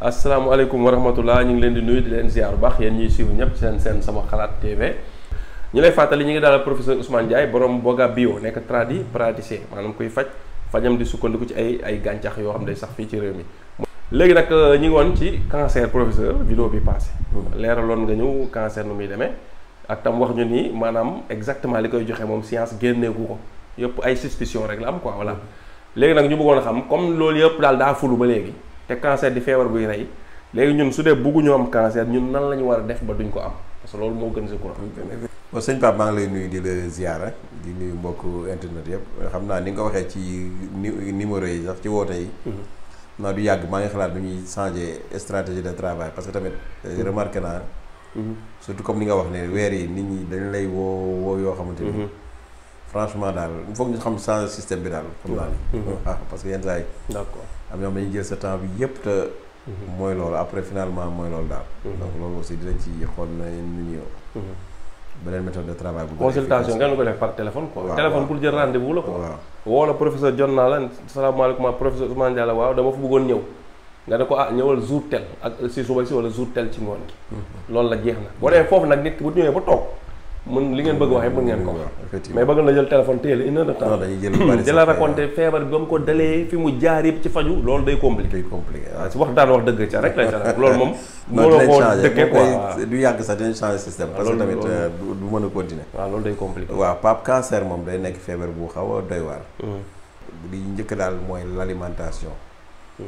asalaamaaleykum wa rahmatullah ñu ngi leen di nuyu di leen ziar bu baax yéen ñuy suivre ñëpp seen seen sama xalaat TV ñu lay fàttali ñu ngi daal professeur Ousmane Ndiaye borom Boga Bio nekk tradi praticien maanaam kuy faj fajam di sukkandiku ci ay ay gàncax yoo xam ne sax fii ci réew mi. léegi nag euh, ñu ngi woon ci cancer professeur vidéo bi passé leeraloon nga ñëw cancer nu muy deme ak tam wax ñu nii maanaam exactement li koy joxe moom science génneeku ko yëpp ay suspicion rek la am quoi voilà mm-hmm. léegi nag ñu bëggoon xam comme loolu yëpp daal daa fulu ba léegi. te cancer di feebar buy rey léegi ñun su dee bugguñu am cancer ñun nan la ñu war a def ba duñ ko am parce que loolu moo gën si courant. bon sëñ Pape maa ngi lay di la ziara di nuyu mbokk internet yëpp xam naa ni nga ko waxee ci numéro yi sax ci woote yi. Mhm. naa du yàgg maa ngi xalaat lu ñuy changer stratégie de travail parce que tamit euh, mhm. remarqué naa. Mhm. surtout comme ni nga wax ne weer yi nit ñi dañ lay woo woo yoo xamante ni. franchement daal il faut que ñu xam changer système bi daal. xam naa ne. ah parce que yenn saa yi. d' accord am na yoo xam dañuy jël sa temps bi yëpp te. Mhm. mooy loolu après finalement mooy loolu daal. Mhm. donc loolu aussi dinañ ci xool na nu ñuy. Mhm. beneen méthode de ko def par téléphone quoi. téléphone ci ngoon gi. loolu la jeex foofu nag nit ki bu ñëwee ba toog. mën li ngeen bëgg wax yëpp mën ngeen ko mais bëgg na jël téléphone téye la une heure de temps di la raconté feebar bi ba mu ko dalee fi mu jaar yëpp ci faju loolu day compliqué si wax daan wax dëgg ca rek lay ca loolu moom moo koo dëkkee quoi du yàgg sax dinañ changé système parce que tamit euh, du mën a continuer waaw loolu day compliqué waa pap cancer moom day nekk feebar bu xaw a doy waar li hmm. njëkk daal mooy l' alimentation hmm.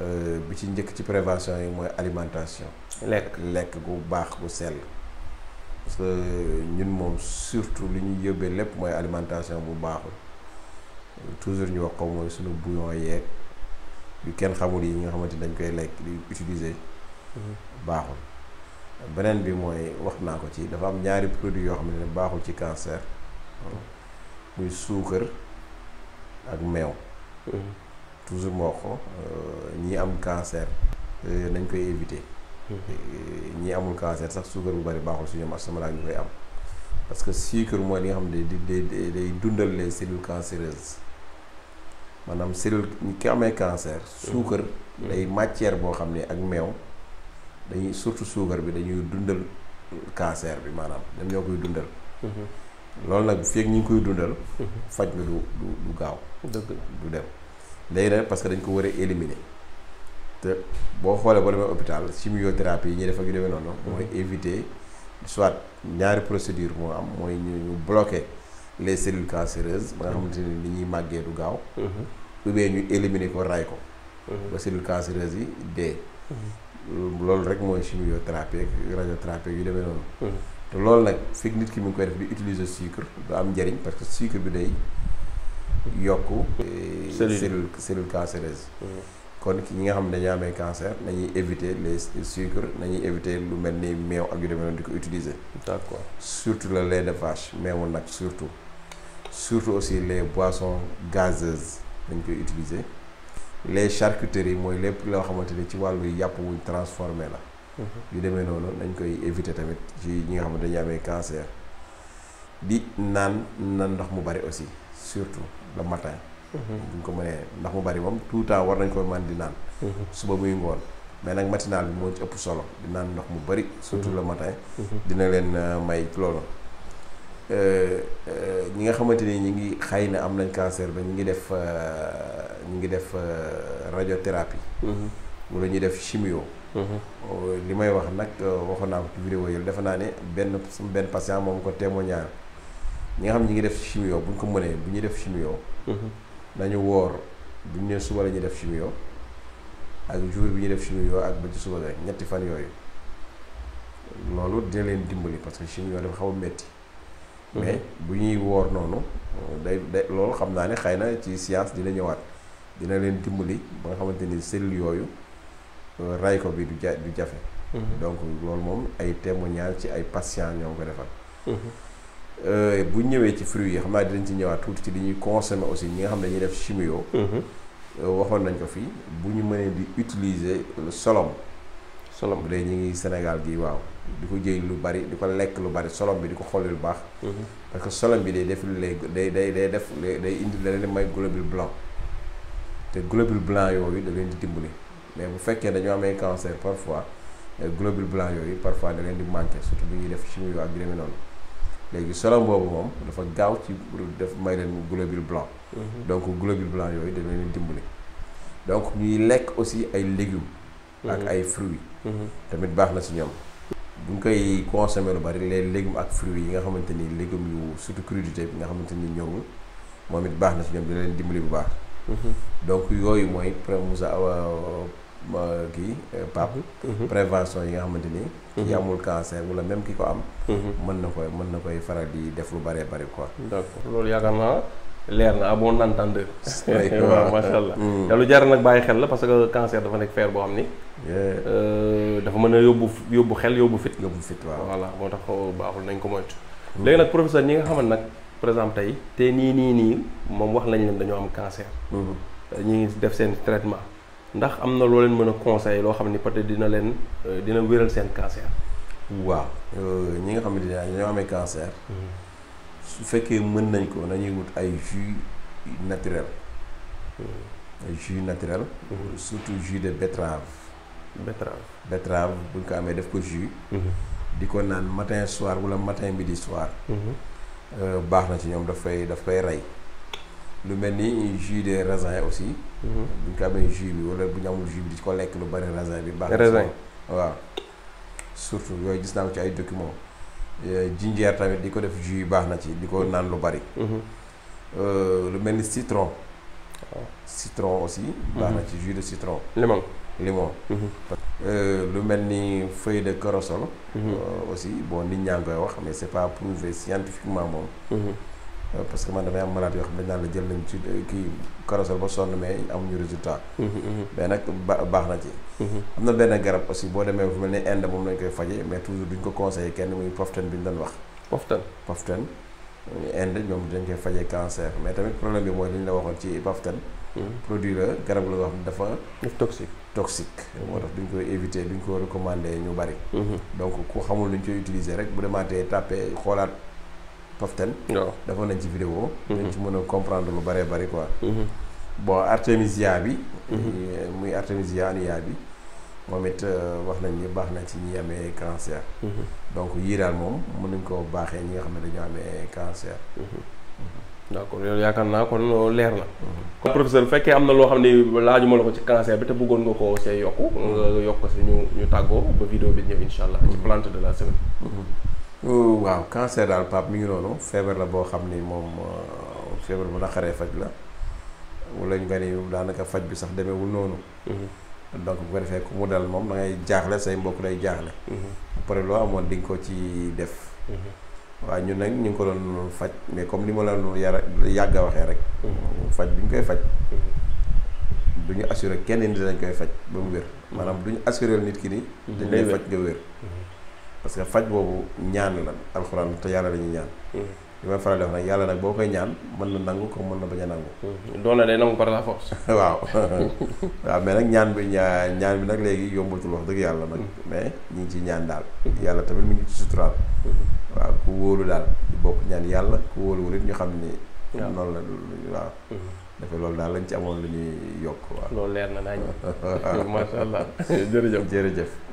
euh, bi ci njëkk ci prévention yi mooy alimentation lekk lekk gu baax gu sell parce ñun moom surtout li ñuy yóbbee lépp mooy alimentation bu baaxul toujours ñu wax ko mooy suñu bouillon yeeg yu kenn xamul yi nga xamante dañ koy lekk di utiliser mm-hmm. baaxul beneen bi mooy wax naa ko ci dafa am ñaari produit yoo xam ne baaxul ci cancer muy suukar ak meew mm-hmm. toujours moo ko euh, ñi am cancer dañ euh, koy éviter ñi amul cancer sax suukar bu bari baaxul su ñoom asamaraa ñu koy am parce que sucre mooy li nga xam ne day day day dundal les cellules cancéreuses maanaam cellule ki amee cancer. suukar day matière boo xam ne ak meew dañuy surtout suukar bi dañuy dundal cancer bi maanaam dañ ñoo koy dundal. loolu nag fii ak ñi ngi koy dundal. Mhm. faj bi du du du gaaw. dëgg du dem léegi nag parce que dañ ko war a éliminer. te boo xoolee ba demee hôpital chimiothérapie yi ñuy def ak yu demee noonu. mooy mhm. éviter soit ñaari procédure moo am mooy ñu bloquer les cellules cancéreuses ba nga mhm. xamante ni ni ñuy màggee du gaaw. Mhm. ou bien ñu éliminer ko ray ko. ba cellules cancéreuses yi dee. loolu rek mooy chimiothérapie ak radiothérapie yu demee noonu. te loolu nag fekk nit ki mu ngi koy def di utiliser sucre du am njariñ parce que sucre bi day yokk. cellule eh, cellule cellule kon ki nga cancer éviter les sucres éviter lu ak yu utiliser. d'accord surtout le lait de vache mais on surtout surtout aussi les boissons gazeuses dañ utiliser les charcuteries les transformé la. Mhm. yu éviter tamit ci cancer ndox mu aussi surtout le matin. bu buñ ko mënee ndax mu bari moom tout temps war nañ koy man di naan mhm. suba muy ngoon mais nag matinal bi moo ci ëpp solo di naan ndox mu bari surtout mhm. le matin mhm. dina leen euh, may loolu euh, euh, ñi nga xamante ni ñi ngi xay na am nañ cancer ba ñu ngi def ñu ngi def radiothérapie wala ñuy def chimio li may wax nag waxoon naa ko ci vidéo yi defe naa ne benn sama benn patient moom ko témoignage ñi nga xam ñi ngi def chimio buñ ko mënee bu ñu def chimio nañu woor bu ñu nee suba la ñuy def chimio ak jour bi ñuy def chimio ak ba ci suba la ñetti fan yooyu loolu dina leen dimbali parce que chimio dafa xaw a metti mm-hmm. mais bu ñuy woor noonu day day loolu xam naa ne xëy na ci science dina ñëwaat dina leen dimbali ba nga xamante ni cellules yooyu euh, ray ko bi du ja du jafe mm-hmm. donc loolu moom ay témoignage ci ay patients ñoo ko defal mm-hmm. Euh, bu ñëwee ci fruits yi xam dinañ ci ñëwaat tuuti ci li aussi ñi nga xam ne def chimio. Mhm. Euh, waxoon nañ ko fi bu ñu mënee di utiliser solom. solom bu dee ngi Sénégal gi waaw. di ko jëy lu bari di ko lu bari solom bi di ko xolli lu baax. Mhm. parce que solom bi des def day day day def indi globule blanc. te globule blanc yooyu da leen di mais bu fekkee dañoo amee cancer parfois euh, globule blanc yooyu parfois da leen di manqué surtout bu ñuy def chimio ak léegi solom boobu moom dafa gaaw ci pour def may leen globule blanc mhm. donc globule blanc yooyu dana leen dimbali donc ñuy lekk aussi ay légumes ak mhm. ay fruits mhm. tamit baax na si ñoom bu ñu koy consommer lu bari leen légumes ak fruits yi nga xamante ni légumes yu surtout crudité bi nga xamante ni ñorul moom it baax na si ñoom dina leen dimbali bu baax donc yooyu mooy pré kii euh, Pape. Mhm. prévention yi nga xamante ni. Mhm. ki amul cancer wala même ki ko am. Mhm. mën na koy mën na koy faral di def lu bëree bëri quoi. d'accord loolu yaakaar naa leer na à bon entendeur. waaw macha allah. Mm. te lu jar nag bàyyi xel la parce que cancer dafa nekk feer boo xam ni. Euh, dafa mën a yóbbu yóbbu xel yóbbu fit. yóbbu fit waaw voilà moo tax baaxul nañ ko moytu. Mm. léegi nag professeur ñi nga xamante nag par exemple tey te nii nii nii moom wax nañ leen dañoo am cancer. Mm-hmm. ñi def seen ndax am na loo leen mën a conseil loo xam ni peut dina leen euh, dina wéral seen cancer. waaw euh, ñi nga xam ne dañoo amee cancer. Mm-hmm. su fekkee mën nañ ko nañuy wut ay jus naturel. Mm-hmm. ay jus naturel. Mm-hmm. surtout jus de betterave. betterave betterave buñ ko amee def ko jus. di ko naan matin soir wala matin midi soir. Euh, baax na ci ñoom daf koy daf koy rey. le mel ni jus de raisin aussi. Mhm. bu ñu ko amee jus bi wala bu ñu jus bi di le lekk lu bari raisin bi. baax na waaw. surtout yooyu gis naa ko ci ay document jinjeer euh, tamit diko def jus yi baax na ci diko nan lu bari. Mhm. Euh, lu mel ni citron. citron aussi. baax na mhm. ci jus de citron. limon limon. Euh, lu mel ni feuille de corossol. aussi bon nit ñang ngi koy wax mais c'est pas prouvé scientifiquement moom. Euh, parce que man damay am malade yoo xam ne dañ naan la jël nañ ci euh, kii ba sonn mais amuñu résultat. Mmh, mmh, mmh. mais nag ba baax na ci. am na benn garab aussi boo demee fu mel ne Inde moom lañ koy faje mais toujours duñ ko conseillé kenn muy poften bi ñu doon wax. poften poften Inde ñoom dañ koy faje cancer mais tamit problème bi mooy li ñu la waxoon ci poften. produit la garab la yoo xam ne dafa. toxique toxique. moo tax duñ koy éviter duñ ko recommander ñu bari. donc ku xamul luñ koy utiliser rek bu demaatee tàppee xoolaat. Paften. waaw defoon nañ ci vidéo. Mhm. dañ ci mën a comprendre lu bëree bëri quoi. Mhm. bon artémisia bi. Mhm. muy artémisia annua bi. moom it euh, wax nañ ni baax na ci ñi amee cancer. donc yiiraal moom mun nañ koo baaxee ñi nga xam ne dañoo amee cancer. d' accord yow yaakaar naa kon leer na. kon bu fekkee am na loo xam ne laajuma la ko ci cancer bi te bëggoon nga ko see yokku. nga yokk si ñu ñu tàggoo ba vidéo bi ñëw incha allah. ci plante de la semaine. waaw cancer daal Pape mi ngi noonu feebar la boo xam ni moom euh, feebar bu xaree faj la wala ñu nga ni daanaka faj bi sax demeewul noonu. Mm-hmm. donc bu ko defee ku mu dal moom da jaaxle say mbokk day jaaxle. Mm-hmm. après loo amoon di nga ko ci def. Mm-hmm. waaw ñu nag ñu ngi ko doon faj mais comme ni ma la doon yara yàgg a waxee rek. faj bi ñu koy faj. du ñu assuré kenn nit dañ koy faj ba mu wér. maanaam du ñu assuré nit ki ni. dañ lay faj nga wér. parce que faj boobu ñaan la alxuraan te yàlla dañuy ñaan. Mm-hmm. li may faral wax nag yàlla nag boo koy ñaan mën na nangu ko mën na bañ a nangu. Mm-hmm. na day nangu par la force. waaw waaw nag ñaan bi ñaan bi nag léegi yombatul wax dëgg yàlla nag. Mm-hmm. mais ñu ngi ciy ñaan daal. yàlla tamit mu ngi ci suturaal. waaw ku wóolu daal di bokk ñaan yàlla ku wóolu wul it ñu xam ni. waaw noonu la waaw. dafa loolu daal lañ ci amoon lu ñuy yokk waaw. leer na naa ñu. jërëjëf.